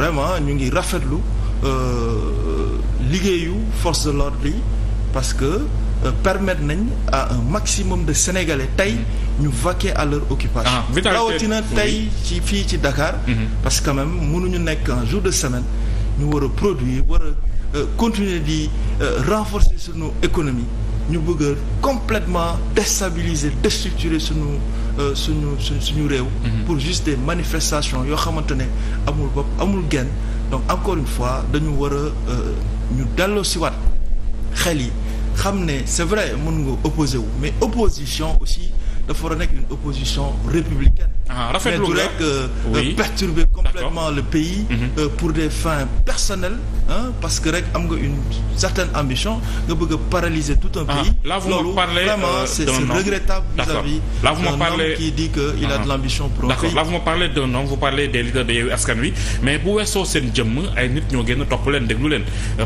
vraiment ñu ngi rafetlu euh, liggéeyu force de l'ordre parce que euh, permettre nañ à un maximum de sénégalais tey ñu vaquer à leur occupation ah, rawatina tey ci fii ci Dakar mhm. parce que quand même mënuñu nekk un jour de semaine ñu war produit produire war a euh, continuer di renforcer sunu économie ñu bëgg a complètement déstabiliser déstructurer suñu euh, suñu suñ suñu réew mhm. pour juste des yoo xamante ne amul bopp amul genn donc encore une fois dañu war a euh, ñu delloo si waat xel yi xam ne c'est vrai mën nga opposé wu mais opposition aussi dafa war a nekk une opposition républicaine. ah rafetlu nga euh, euh, perturber complètement le pays. Mhm. Euh, pour des fins personnelles. parce que rek am nga une certaine ambition nga bëgg a paralyser tout un ah, pays. là vous me parlez vraiment c'est regrettable là vous me parlez a de ah. l'ambition pour un pays. là vous me parlez d'un homme vous parlez des leaders de Yewwi Askan Wi mais bu weesoo seen jëmm ay nit ñoo génn topp leen déglu leen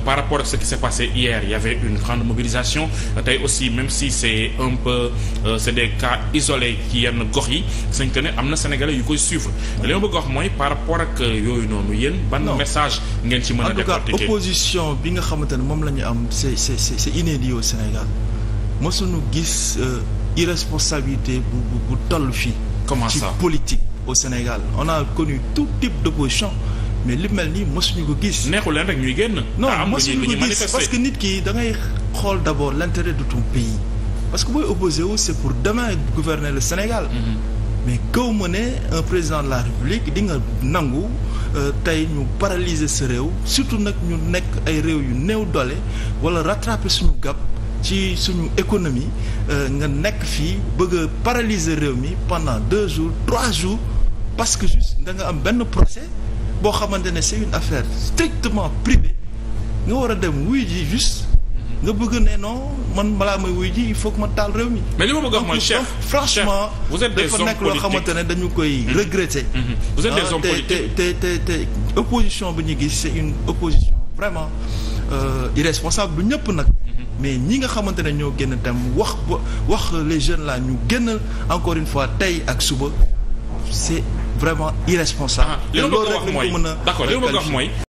par rapport ak ce qui s'est passé hier il y avait une grande mobilisation tey aussi même si c'est un peu c'est isolé ci yenn gox yi sañ que ne am na sénégalais yu koy suivre li ma bëgg wax mooy par rapport ak euh, yooyu noonu yéen ban message ngeen ci mën a décortiquer opposition bi nga xamante ne moom la ñu am c'est c'est c'est inédit au Sénégal mosuñu gis euh, irresponsabilité bu bu toll fii comment ça ci politique au Sénégal on a connu tout type d'opposition mais li mel nii mosuñu ko gis. neexul leen rek ñuy génn. non ah, mosuñu ko gis parce que nit ki da ngay xool d'abord l'intérêt de ton pays. parce que booy opposé wu c'est pour demain gouverner le Sénégal. Mm-hmm. mais kaw ma ne un président de la République di nga nangu euh, tey ñu paralyser sa réew surtout nag ñu nekk ay réew yu néew doole wala rattraper suñu gap ci suñu économie euh, nga nekk fii bëgg a réew mi pendant deux jours trois jours parce que juste da nga am benn procès boo xamante ne c'est une affaire strictement privée nga war a dem wuy ji juste nga bëgg nee non man balaa may wuy ji il faut ma taal réew mi. mais li ma bëgg a wax mooy chef franchement. dafa nekk loo xamante ne dañu koy mhm. regretter. Mhm. vous êtes des ah, hommes politiques te te te te opposition bi ñu gis c' est une opposition vraiment euh, irresponsable du ñëpp nag. Mhm. mais ñi nga xamante ne ñoo génn tam wax ba wax les jeunes là ñu génn encore une fois tey ak suba c' est vraiment irresponsable. Ah, te loolu rek lañ ko mën a. d' li ma bëgg a mooy.